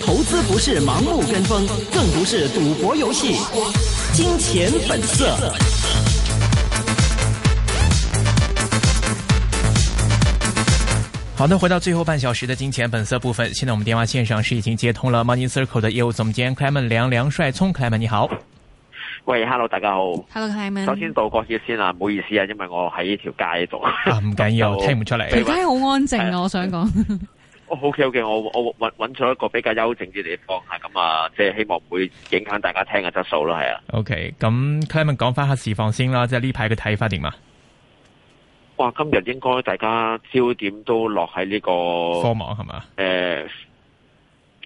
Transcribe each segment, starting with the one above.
投資不是盲目跟風，更不是賭博遊戲。金錢本色。好的，那回到最後半小時的金錢本色部分，現在我們電話線上是已經接通了 Money Circle 的業務總監克萊門梁梁，梁帥聰，克萊門你好。喂，hello，大家好。hello，Clement 首先道個歉先啊，唔好意思啊，因為我喺呢條街度。唔緊要，呵呵聽唔出嚟。條街好安靜、啊的，我想講。o k o k 我我搵咗一個比較幽靜啲地方吓，咁啊，即係希望唔會影響大家聽嘅質素咯，係啊。OK，咁 Clement 講翻下市況先啦，即係呢排嘅睇法點啊？哇，今日應該大家焦點都落喺呢、這個科網係嘛？誒、呃，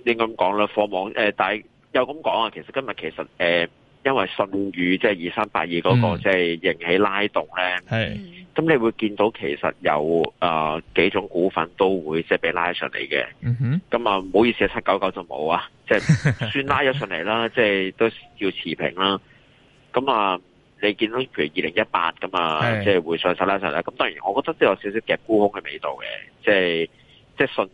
你咁講啦，科網誒、呃，但係又咁講啊，其實今日其實誒。呃因為舜宇即係二三八二嗰個即係、嗯、引起拉動咧，咁是你會見到其實有誒、呃、幾種股份都會即係俾拉上嚟嘅，咁啊唔好意思啊七九九就冇啊，即、就、係、是、算拉咗上嚟啦，即係 都要持平啦。咁啊，你見到譬如二零一八咁啊，即係是會上手拉上嚟。咁當然我覺得都有少少夾沽空嘅味道嘅，即係即係舜。就是順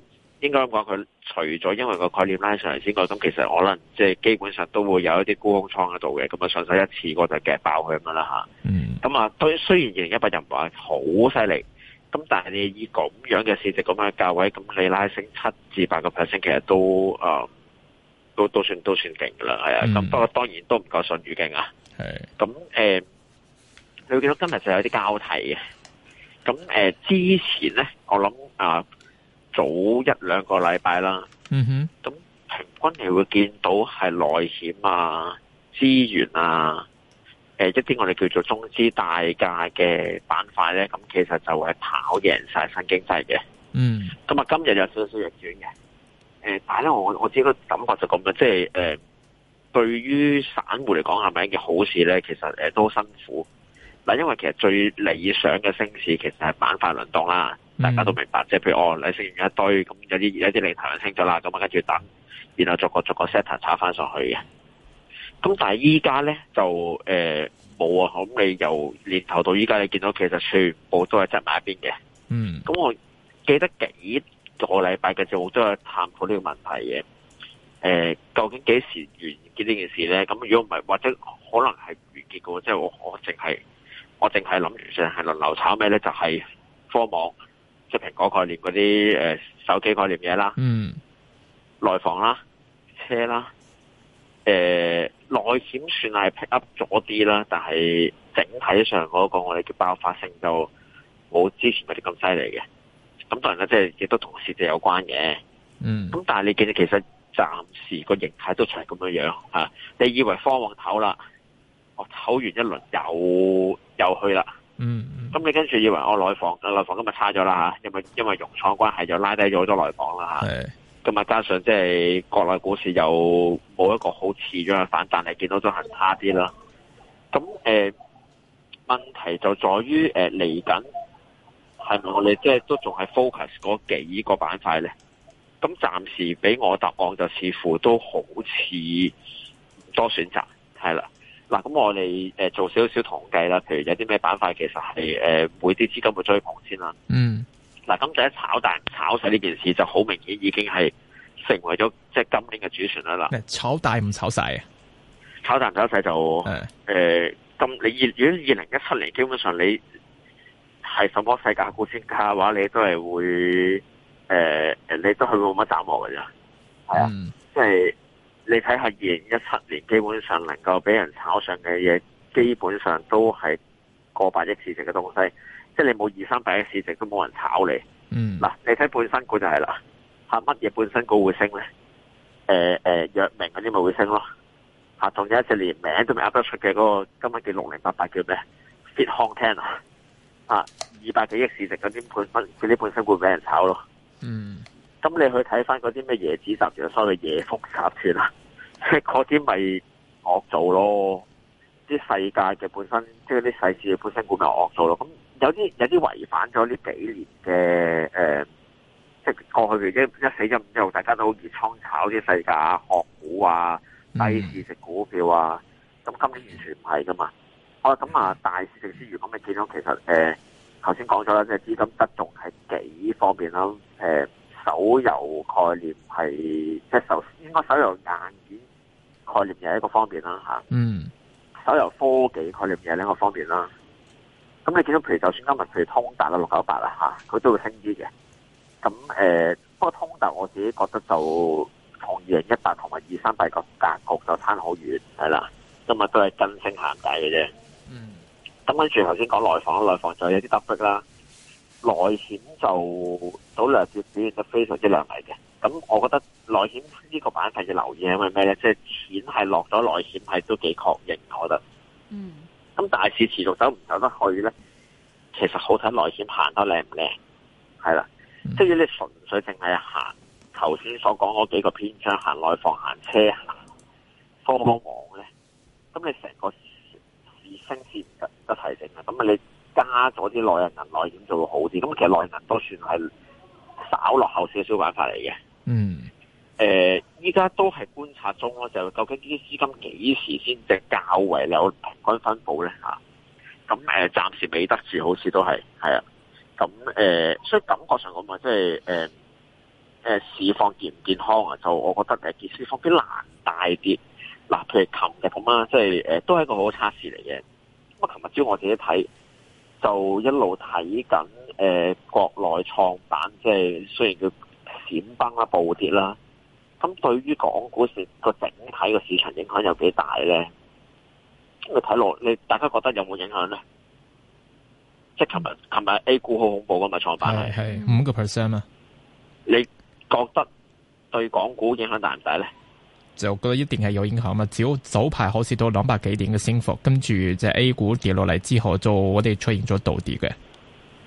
應該講佢除咗因為個概念拉上嚟之外，咁其實可能即係基本上都會有一啲沽空倉喺度嘅，咁啊上手一次過就夾爆佢咁啦吓。咁啊、嗯，雖雖然二零一八人唔係好犀利，咁但係你以咁樣嘅市值咁樣嘅價位，咁你拉升七至八個 percent，其實都啊、呃、都都算都算勁噶啦，係啊。咁不過當然都唔夠信預警啊。係是的。咁、呃、誒，你會見到今日就有啲交替嘅。咁誒、呃，之前咧，我諗啊。呃早一兩個禮拜啦，咁、嗯、哼平均你會見到係內險啊、資源啊、誒、呃、一啲我哋叫做中資大價嘅板塊咧，咁其實就會跑贏晒新經濟嘅。嗯，咁啊今日有少少逆轉嘅，誒、呃，但係咧我我自己個感覺就咁啦，即係誒，對於散戶嚟講係咪一件好事咧？其實誒都辛苦，嗱、呃，因為其實最理想嘅升市其實係板塊輪動啦。嗯、大家都明白，即係譬如我、哦、你升完一堆，咁有啲有啲領頭人升咗啦，咁啊跟住等，然後逐個逐個 setter 炒翻上去嘅。咁但係依家咧就誒冇、呃、啊，咁你由年頭到依家，你見到其實全部都係集埋一邊嘅。嗯。咁我記得幾個禮拜嘅節目都係探討呢個問題嘅。誒、呃，究竟幾時完結呢件事咧？咁如果唔係，或者可能係完結嘅，即係我我淨係我淨係諗住淨係輪流炒咩咧？就係、是就是就是、科網。即係蘋果概念嗰啲，誒手機概念嘢啦，內、嗯、房啦，車啦，誒內險算係 pick up 咗啲啦，但係整體上嗰個我哋叫爆發性就冇之前嗰啲咁犀利嘅。咁當然啦，即係亦都同事就有關嘅。咁、嗯、但係你其你其實暫時個形態都係咁樣樣吓、啊。你以為方往頭啦，我唞完一輪又又去啦。嗯，咁你跟住以為我內房，內房今日差咗啦吓，因為因為融創關係就拉低咗好多內房啦吓，咁啊加上即係國內股市又冇一個好持續嘅反彈，你見到都係差啲啦。咁、嗯、誒，問題就在於誒，嚟緊係咪我哋即係都仲係 focus 嗰幾個板塊咧？咁、嗯、暫時俾我答案就似乎都好似唔多選擇係啦。嗱，咁我哋誒做少少統計啦，譬如有啲咩板塊其實係每啲資金會追捧先啦。嗯，嗱，咁第一炒大炒細呢件事就好明顯已經係成為咗即係今年嘅主旋律啦。炒大唔炒細啊？炒大炒細就咁，的呃、你二如果二零一七年基本上你係什麼世界股先卡嘅話，你都係會誒、呃，你都係冇乜展望嘅啫。係啊，即係、嗯。就是你睇下二零一七年，基本上能夠俾人炒上嘅嘢，基本上都係過百億市值嘅東西，即係你冇二三百億市值都冇人炒你。嗯，嗱、啊，你睇半新股就係啦，嚇乜嘢半新股會升咧？誒、呃、誒，藥、呃、明嗰啲咪會升咯？嚇、啊，同有一隻連名都未噏得出嘅嗰、嗰個，今日叫六零八八叫咩？FIT Hon Teng 啊，啊，二百幾億市值嗰啲半新，嗰啲半新股俾人炒咯。嗯。咁你去睇返嗰啲咩椰子集團，所謂椰瘋集團啊，即係嗰啲咪惡做咯？啲細價嘅本身，即係啲細事嘅本身股咪惡做咯？咁有啲有啲違反咗呢幾年嘅誒，即、呃、係、就是、過去嘅一四、一五之後，大家都好熱衷炒啲細價、殼股啊、低市值股票啊，咁今年完全唔係㗎嘛。嗯、好啦，咁啊大市值先，如果咪見到，其實誒頭先講咗啦，即係資金質仲係幾方便啦、啊，呃手遊概念係即係首，應該手遊硬件概念又係一個方面啦，吓。嗯、手遊科技概念又係另一個方面啦。咁你見到譬如，就算今日譬如通達六九八啦，吓，佢都會升啲嘅。咁誒、呃，不過通達我自己覺得就同二零一八同埋二三八個格局就差好遠，係啦，今日都係跟升行大嘅啫。嗯，咁跟住頭先講內房，內房就有啲突破啦。內險就賭兩表表現得非常之亮麗嘅，咁我覺得內險呢個板塊嘅留意係因為咩呢？即係錢係落咗內險係都幾確認，我覺得。嗯。咁大市持續走唔走得去呢？其實好睇內險行得靚唔靚，係啦。即係你純粹淨係行頭先所講嗰幾個篇章，行內房、行車、行互聯網呢。咁你成個市升市得得提升嘅，咁你？加咗啲內人銀內險就會好啲，咁其實內銀算、mm. 呃、都算係稍落後少少辦法嚟嘅。嗯。誒，依家都係觀察中咯，就究竟呢啲資金幾時先至較為有平均分佈咧？咁、啊啊、暫時未得住，好似都係係啊。咁、啊、誒、啊，所以感覺上咁啊，即係誒誒市況健唔健康啊？就我覺得誒，啲市況啲難大啲。嗱、啊，譬如琴日咁啊，即係都係一個好好測試嚟嘅。咁啊，琴日朝我自己睇。就一路睇緊誒國內創板，即係雖然佢閃崩啦、暴跌啦。咁對於港股市個整體個市場影響有幾大咧？你睇落，你大家覺得有冇影響咧？即係琴日，琴日 A 股好恐怖噶嘛，創板係係五個 percent 啊！你覺得對港股影響大唔大咧？就覺得一定係有影響嘛？只要早排好似到兩百幾點嘅升幅，跟住就 A 股跌落嚟之後，就我哋出現咗倒跌嘅。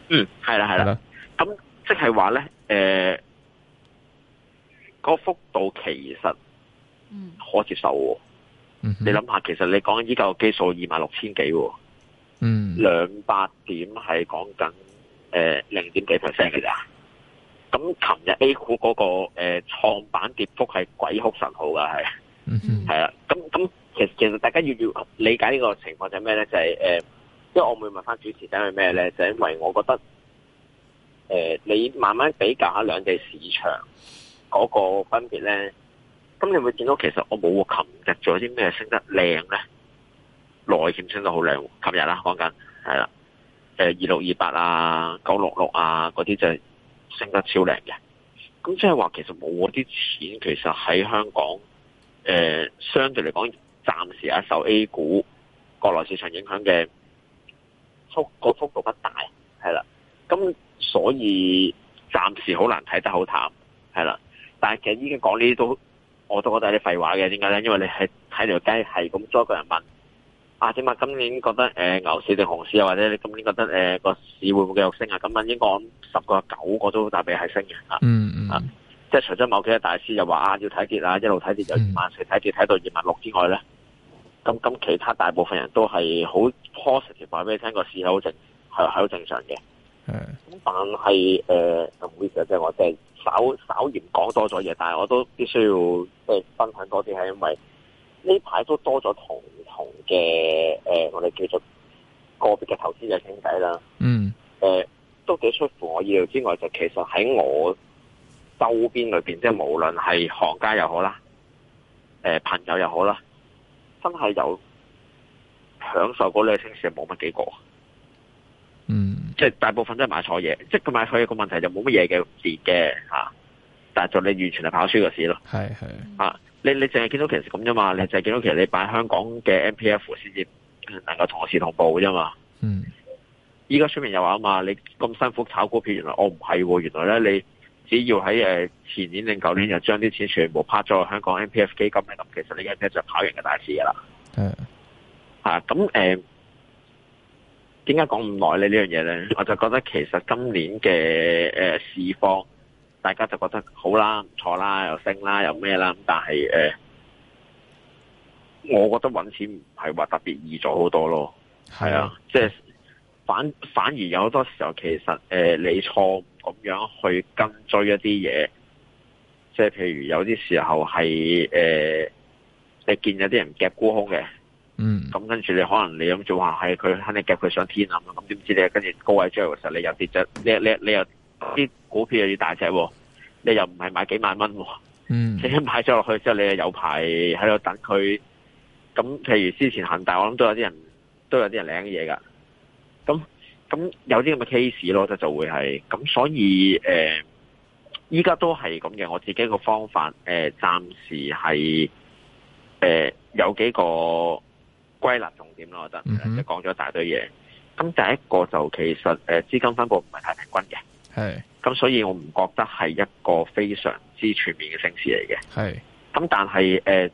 嗯，係啦係啦。咁的即係話咧，誒、呃，個幅度其實，嗯，可接受。嗯哼，你諗下，其實你講依嚿基數二萬六千幾，嗯，兩百點係講緊誒零點幾 percent 嘅咋。呃咁，琴日 A 股嗰、那個誒，創、呃、板跌幅係鬼哭神號噶，係係啦。咁咁、嗯哼，其實其實大家要要理解呢個情況就係咩咧？就係、是、誒、呃，因為我會問翻主持者係咩咧？就是、因為我覺得誒、呃，你慢慢比較下兩地市場嗰個分別咧，咁你會見到其實我冇琴日仲有啲咩升得靚咧，內險升得好靚，琴日啦講緊係啦，誒二六二八啊，九六六啊，嗰啲、啊、就。升得超靚嘅，咁即係話其實冇嗰啲錢，其實喺香港，誒、呃、相對嚟講，暫時啊受 A 股國內市場影響嘅速個幅度不大，係啦，咁所以暫時好難睇得好淡，係啦，但係其實已經講呢啲都我都覺得有啲廢話嘅，點解咧？因為你係睇條街係咁，多個人問。啊，點啊？今年覺得誒、呃、牛市定熊市啊？或者你今年覺得誒個、呃、市會唔會繼續升啊？咁啊，應該十個九個都大比係升嘅吓。嗯嗯、mm hmm. 啊。啊，即係除咗某幾隻大師又話啊，要睇跌啊，一路睇跌就萬四，睇跌睇到二萬六之外咧，咁咁其他大部分人都係好 positive 話俾你聽，個市係好正，係係好正常嘅。嗯、mm。咁、hmm. 但係誒，唔、呃、好意思即係我即係稍稍嫌講多咗嘢，但係我都必須要即係、欸、分享多啲係因為，呢排都多咗同同嘅，誒、呃，我哋叫做個別嘅投資者傾偈啦。嗯。誒、呃，都幾出乎我意料之外。就其實喺我周邊裏邊，即係無論係行家又好啦，誒、呃，朋友又好啦，真係有享受過呢個升市，冇乜幾個。嗯。即係大部分都係買錯嘢，即係佢買錯嘢個問題就冇乜嘢嘅事嘅吓，但係就你完全係跑輸個市咯。係係是啊。你你淨係見到其實咁啫嘛，你淨係見到其實你擺香港嘅 M P F 先至能夠同時同步嘅啫嘛。嗯，依家出面又話啊嘛，你咁辛苦炒股票，原來我唔係，原來咧你只要喺誒前年定舊年就將啲錢全部拍咗去香港 M P F 基金咧，咁其實你嘅 M P F 就跑贏嘅大市噶啦。嗯。啊，咁誒，點解講咁耐咧？呢樣嘢咧，我就覺得其實今年嘅誒市況。呃大家就覺得好啦、唔錯啦、又升啦、又咩啦，但係誒、呃，我覺得揾錢唔係話特別易咗好多咯。係啊，即係反反而有好多時候，其實誒、呃、你錯誤咁樣去跟追一啲嘢，即係譬如有啲時候係誒、呃，你見有啲人夾沽空嘅，嗯，咁跟住你可能你諗住話係佢肯定夾佢上天啊！咁、嗯、點知你跟住高位追嘅時候你有跌你你，你有啲咗你你你又啲股票又要大隻喎、啊。又唔係買幾萬蚊，嗯，你買咗落去之後，你又有排喺度等佢。咁譬如之前恒大，我諗都有啲人都有啲人領嘢噶。咁咁有啲咁嘅 case 咯，即就會係。咁所以誒，呃、依家都係咁嘅。我自己個方法誒，呃、暫時係誒、呃、有幾個歸納重點咯，我覺得即係講咗一大堆嘢。咁第一個就其實誒，呃、資金分布唔係太平均嘅，係。咁所以我唔覺得係一個非常之全面嘅升市嚟嘅。係是。咁但係誒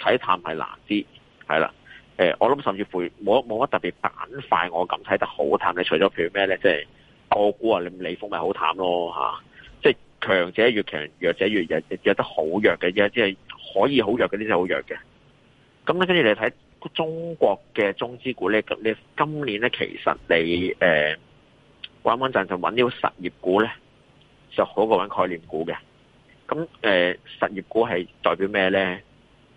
睇淡係難啲，係啦。誒、呃、我諗甚至乎冇冇乜特別板塊，我咁睇得好淡。你除咗譬如咩咧？即係個股啊，你李峰咪好淡咯嚇。即係強者越強，弱者越弱。弱得好弱嘅，有即係可以好弱嘅，啲就好弱嘅。咁咧跟住你睇中國嘅中資股咧，你今年咧其實你誒穩穩陣就揾啲實業股咧。就好過搵概念股嘅，咁誒、呃、實業股係代表咩咧？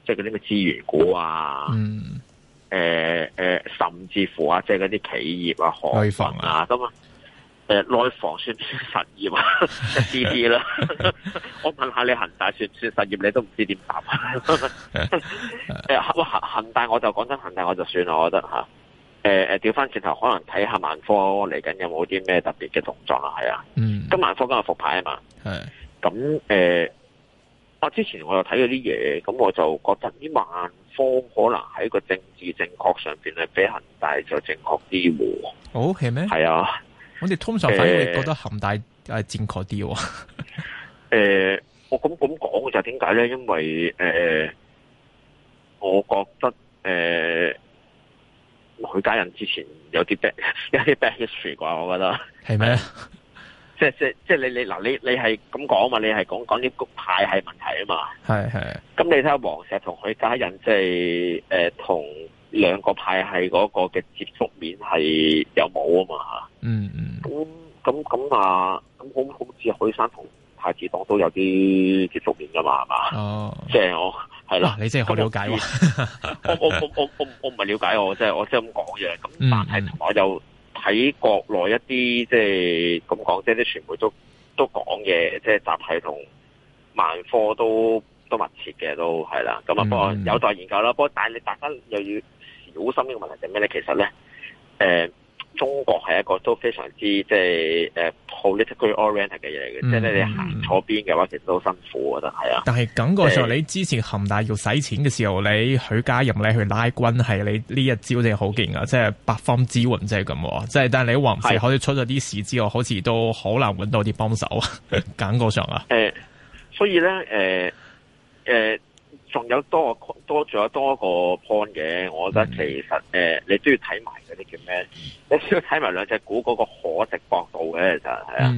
即係嗰啲嘅資源股啊，誒誒、嗯呃呃，甚至乎啊，即係嗰啲企業啊，內、啊、房啊，咁啊、呃，誒內房算唔算實業啊？一啲啲啦，我問下你恒大算唔算實業？你都唔知點答。誒，我恒恒大我就講真恒大我就算啦，我覺得吓。誒誒，調翻轉頭，可能睇下萬科嚟緊有冇啲咩特別嘅動作啊？係啊，嗯，今萬科今日復牌啊嘛，係，咁誒，我之前我又睇咗啲嘢，咁我就覺得呢萬科可能喺個政治正確上邊咧，比恒大就正確啲喎。哦？係咩？係啊，我哋通常反而覺得恒大誒正確啲喎。誒、呃 呃，我咁咁講就係點解咧？因為誒、呃，我覺得誒。呃許家印之前有啲 bad，有啲 bad history 啩，我覺得係咩嗎？ 即係即即你你嗱你你係咁講嘛？你係講講啲派系問題啊嘛？係係是。咁你睇下王石同許家印即係誒同兩個派系嗰個嘅接觸面係有冇啊嘛？嗯嗯。咁咁咁啊？咁好好似許生同太子黨都有啲接觸面㗎嘛？係嘛？哦。即係我。係啦，你真係好了解喎、嗯嗯！我我我我我我唔係了解我，我即係我即係咁講嘅。咁但係我又睇國內一啲即係咁講，即係啲傳媒都都講嘢，即係集體同萬科都都密切嘅都係啦。咁啊，不過有待研究啦。不過，但係你大家又要小心嘅問題係咩咧？其實咧，呃中國係一個都非常之即係誒，political oriented 嘅嘢嘅，即係、uh, 嗯、你行錯邊嘅話其實都辛苦，我覺得係啊。但係感覺上、呃、你之前恒大要使錢嘅時候，你許家印你去拉軍係你呢一招真係好勁啊，即係八方支援即係咁。即係但係你黃氏好似出咗啲事之外，的好似都好難揾到啲幫手啊。感覺上啊，誒、呃，所以咧，誒、呃，誒、呃。仲有多個還有多咗多個 point 嘅，我覺得其實誒、mm. 呃，你都要睇埋嗰啲叫咩？你需要睇埋兩隻股嗰個可值博度嘅，就係啊。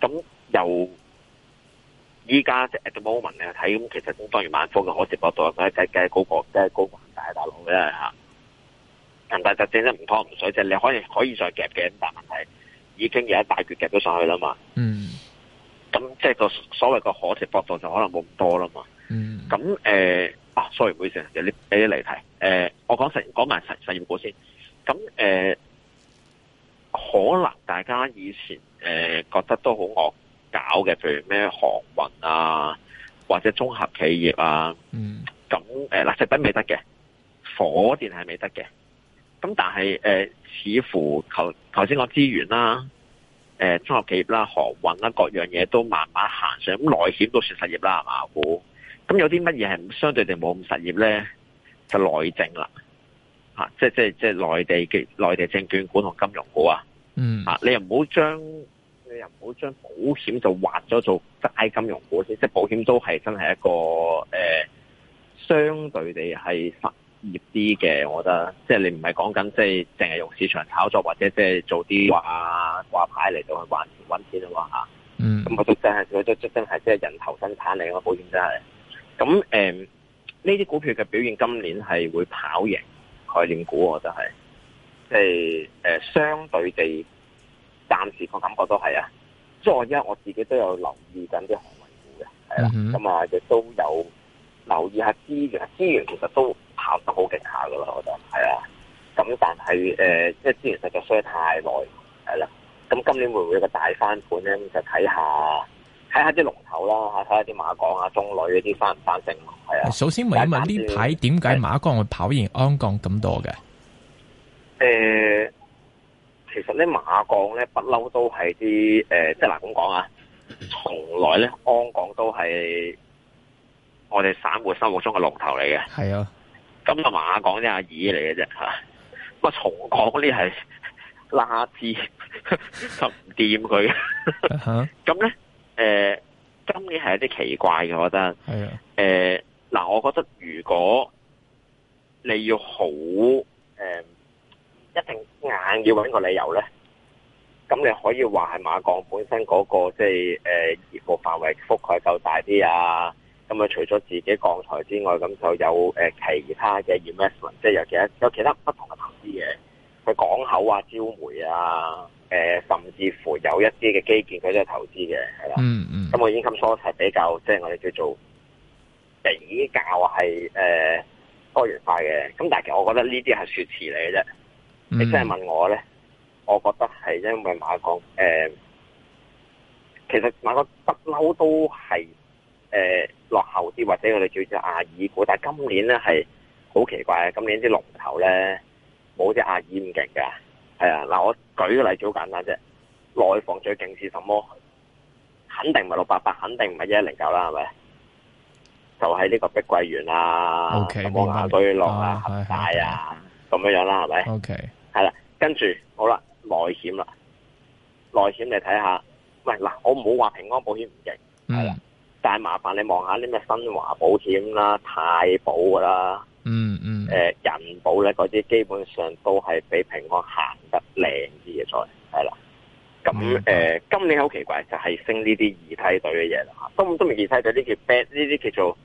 咁由依家就 at the moment 你去睇咁其實都當然萬科嘅可值博度，佢係真係高過，真係高過恒大大佬嘅嚇。恒大特正唔拖唔水，即係你可以可以再夾嘅，但問題已經有一大橛夾咗上去啦嘛。嗯。咁即係個所謂個可值博度就可能冇咁多啦嘛。嗯，咁誒、嗯，啊，sorry，唔好意思，有啲離題。誒、呃，我講實，實，講埋實實業股先。咁誒、呃，可能大家以前誒、呃、覺得都好惡搞嘅，譬如咩航運啊，或者綜合企業啊。嗯。咁誒，垃、呃、食品未得嘅，火電係未得嘅。咁但係誒、呃，似乎頭頭先講資源啦、啊，誒、呃，綜合企業啦、啊，航運啦，各樣嘢都慢慢行上，咁內險都算實業啦，係嘛股？咁有啲乜嘢係相對地冇咁實業咧，就內政啦、啊，即係即係即係內地嘅內地證券股同金融股啊，嗯啊，你又唔好將你又唔好將保險就劃咗做齋金融股先，即係保險都係真係一個誒、呃，相對地係實業啲嘅，我覺得，即係你唔係講緊即係淨係用市場炒作或者即係做啲掛牌嚟到去還錢揾錢啊嘛，嗯，咁佢都真係佢都真係即係人頭生產嚟嘅保險真係。咁誒，呢啲、呃、股票嘅表現今年係會跑贏概念股，我覺得係，即係誒相對地，暫時個感覺都係啊。再一，我自己都有留意緊啲行業股嘅，係啦，咁啊亦都有留意下資源，資源其實都跑得好勁下噶喇。我覺得係啊。咁但係誒，即、呃、係資源實在衰太耐，係啦。咁今年會唔會有個大翻盤咧？就睇下。睇下啲龍頭啦，吓睇下啲馬鋼、啊、中鋁嗰啲翻唔翻正係啊。首先問一問，呢排點解馬鋼會跑贏鞍鋼咁多嘅？誒，其實咧馬鋼咧不嬲都係啲誒，即係嗱咁講啊，從、就是、來咧鞍鋼都係我哋散戶心目中嘅龍頭嚟嘅。係啊的，咁個馬鋼啲阿二嚟嘅啫吓，咁啊重鋼呢係垃圾，就唔掂佢。吓，咁咧？誒、呃，今年係有啲奇怪嘅，我覺得。係誒的，嗱、呃呃，我覺得如果你要好，誒、呃，一定硬要揾個理由咧，咁你可以話係馬鋼本身、嗰個即係誒，業、呃、務範圍覆蓋夠大啲啊，咁啊，除咗自己鋼材之外，咁就有誒、呃、其他嘅 investment，即係有其他有其他不同。港口啊、焦煤啊、誒、呃，甚至乎有一啲嘅基建，佢都係投資嘅，係啦、嗯。嗯嗯。咁我現金收比較，即、就、係、是、我哋叫做比較係誒、呃、多元化嘅。咁但係其實我覺得呢啲係說辭嚟嘅啫。嗯、你真係問我咧，我覺得係因為買個誒、呃，其實買個不嬲都係誒、呃、落後啲，或者我哋叫做亞二股。但係今年咧係好奇怪，今年啲龍頭咧。冇隻阿二咁勁嘅，係啊，嗱我舉個例子好簡單啫，內房最勁是什麼？肯定唔係六八八，肯定唔係一零九啦，係咪？就喺、是、呢個碧桂園啦，咁望下雅居樂啊，恒大啊，咁的樣樣啦，係咪？O K，係啦，跟住好啦，內險啦，內險你睇下，喂，嗱，我唔好話平安保險唔勁，係啦的，但係麻煩你望下呢咩新華保險啦、太保啦、嗯，嗯嗯。誒，人保咧，嗰啲基本上都係比平安行得靚啲嘅，再以係啦。咁誒、呃，今年好奇怪，就係、是、升呢啲二梯隊嘅嘢啦。都都未二梯隊呢啲 b a 呢啲叫做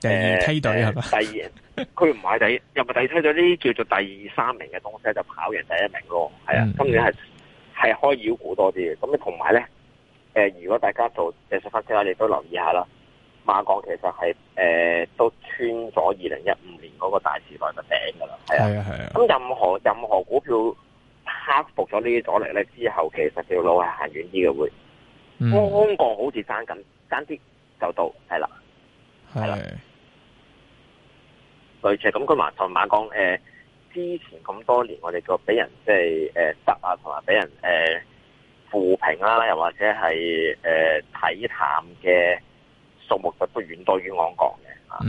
誒二、呃、梯隊係第二，佢唔係第入，係第二梯隊呢啲 叫做第三名嘅東西就跑贏第一名咯。係啊，嗯、今年係係、嗯、開妖股多啲嘅。咁你同埋咧，誒、呃，如果大家做誒技術分析咧，你都留意下啦。馬港其實係誒、呃、都穿咗二零一五年嗰個大時代嘅頂噶啦，係啊係啊。咁任何任何股票克服咗呢啲阻力咧，之後其實條路係行遠啲嘅會。空降、嗯、好似爭緊爭啲就到，係啦係啦。類似咁，佢話同馬港。誒、呃，之前咁多年我哋個俾人即係誒執啊，同埋俾人誒負評，啦又或者係誒睇淡嘅。呃數目都都遠多於我講嘅嚇，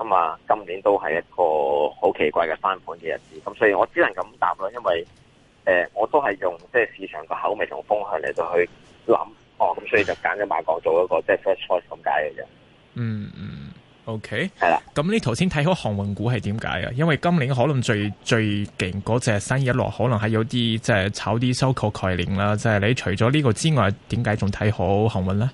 咁啊，啊今年都係一個好奇怪嘅翻盤嘅日子，咁、啊、所以我只能咁答啦，因為誒、呃、我都係用即係市場個口味同風向嚟到去諗，哦、啊、咁所以就揀咗馬鋼做一個即係 first choice 咁解嘅啫。嗯嗯，OK，係啦了。咁你頭先睇好航運股係點解啊？因為今年可能最最勁嗰隻生意一落，可能係有啲即係炒啲收購概念啦，即、就、係、是、你除咗呢個之外，點解仲睇好航運咧？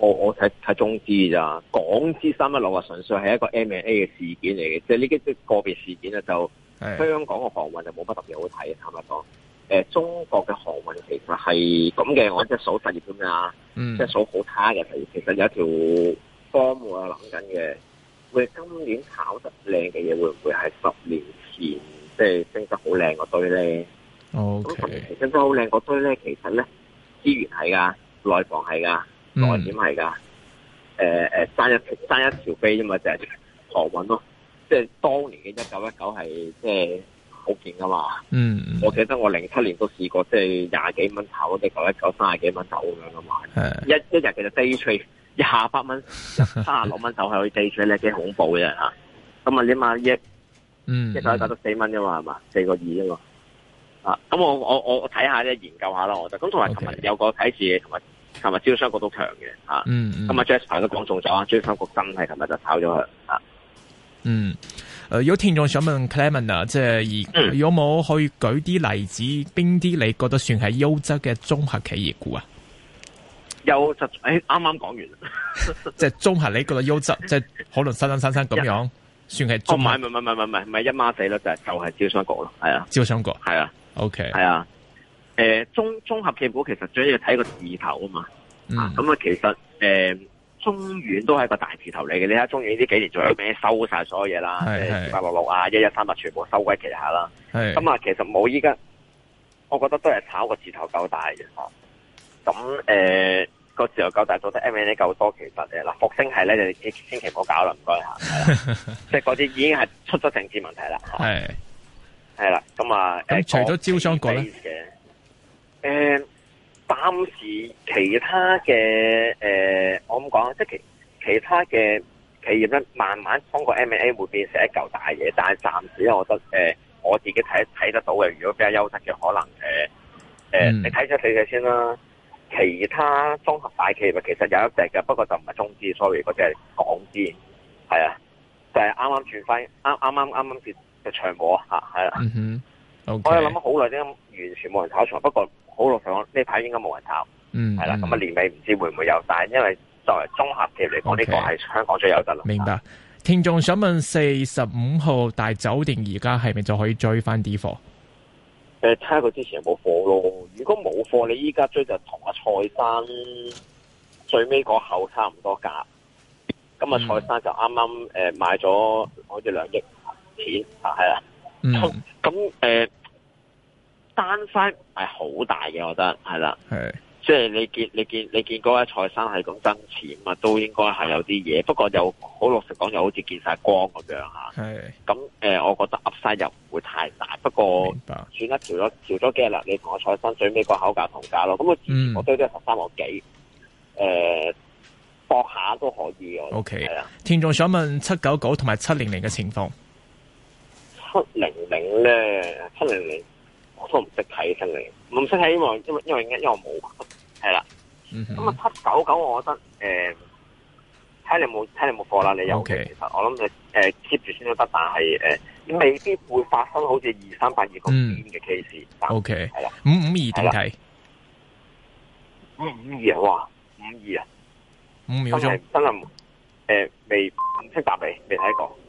我我睇睇中資咋港資三一六啊，純粹係一個 M&A 嘅事件嚟嘅，即係呢啲即係個別事件咧，就的香港嘅航運就冇乜特別好睇，坦白講，誒、呃，中國嘅航運其實係咁嘅，我、嗯、即係數第二咁樣即係數好差嘅。其實其實有一條科目我諗緊嘅，會今年炒得靚嘅嘢會唔會係十年前即係升得好靚嗰堆咧？咁十年前升得好靚嗰堆咧，其實咧資源係噶，內房係噶。內點係噶？誒誒、嗯，呃、生一,生一條一條飛啫嘛，就係狂運咯。即係當年嘅一九一九係即係好勁噶嘛。嗯我記得我零七年都試過即20，即係廿幾蚊炒隻九一九，卅幾蚊頭咁樣噶嘛。是一一日其實 day trade 廿八蚊，卅六蚊頭係可以 day trade 咧， 幾恐怖嘅吓。咁啊，你買一，嗯，到4 4. 一九一九都四蚊啫嘛，係嘛，四個二啫嘛。啊，咁我我我睇下咧，研究下啦我就咁。同埋琴日有個睇住。同埋。琴日招商局都強嘅，吓，咁啊，Jasper 都講中咗，招商局真係琴日就炒咗佢，吓，嗯，誒，有聽眾想問 Clement 啊，即係而家有冇可以舉啲例子，邊啲你覺得算係優質嘅綜合企業股啊？有就誒，啱啱講完，即係綜合你覺得優質，即係可能新生生生咁樣，算係，唔係唔係唔係唔係唔係一孖死咯，就係就係招商局咯，係啊，招商局，係啊，OK，係啊。誒，綜綜合片股其實最緊要睇個字頭啊嘛，咁、嗯、啊，其實誒、呃，中遠都係一個大字頭嚟嘅。你睇下中遠呢幾年仲有咩收晒所有嘢啦，二八六六啊，一一三八全部收歸旗下啦。咁是啊，其實冇依家，我覺得都係炒個字頭夠大嘅。咁、啊、誒、啊啊，個字頭夠大，做得 M&A 夠多，其實誒嗱，復星系咧你千祈唔好搞是啦，唔該下，即係嗰啲已經係出咗政治問題啦是啦。係係啦，咁啊，那呃、除咗招商股咧。誒、呃，暫時其他嘅誒、呃，我咁講，即係其其他嘅企業咧，慢慢通過 M&A 會變成一嚿大嘢，但係暫時，我覺得誒、呃，我自己睇睇得到嘅，如果比較優質嘅，可能誒誒，呃嗯、你睇咗四隻先啦，其他綜合大企業其實有一隻嘅，不過就唔係中資，sorry，嗰隻係港資，係啊，就係啱啱轉翻，啱啱啱啱跌嘅長和吓，係啊，是嗯 okay、我又諗咗好耐，真完全冇人炒場，不過。好落上，呢排應該冇人炒。嗯，係啦，咁啊年尾唔知會唔會有，但係因為作為綜合企業嚟講，呢 Okay, 個係香港最有得啦。明白。聽眾想問：四十五號大酒店而家係咪就可以追翻啲貨？誒、呃，睇下佢之前有冇貨咯。如果冇貨，你依家追就同阿蔡生最尾個後的口差唔多價。咁、嗯呃、啊，蔡生就啱啱誒買咗好似兩億錢啊，係啦。嗯，咁誒。呃單 side 係好大嘅，我覺得係啦，係即係你見你見你見嗰位蔡生係咁爭錢啊，都應該係有啲嘢。不過又、嗯、好老實講，又好似見晒光咁樣吓。係咁誒，我覺得 Upside 又唔會太大，不過算啦，調咗調咗幾日啦。你同我蔡生最尾個口價同價咯。咁我我都都十三個幾誒，博、嗯呃、下都可以。O K，係啊。聽眾想問七九九同埋七零零嘅情況。七零零咧，七零零。都唔識睇真係，唔識睇因為因為因為因因為我冇係啦。咁啊七九九我覺得誒，睇、呃、你冇睇你冇貨啦，你有其實我諗你誒 keep 住先都得，Okay. 呃、但係誒、呃、未必會發生好似二三八二咁五嘅 case。O K 係啦，五五二點睇？五五二哇，五二啊，五秒鐘真係誒未唔識答你，未睇過。Okay.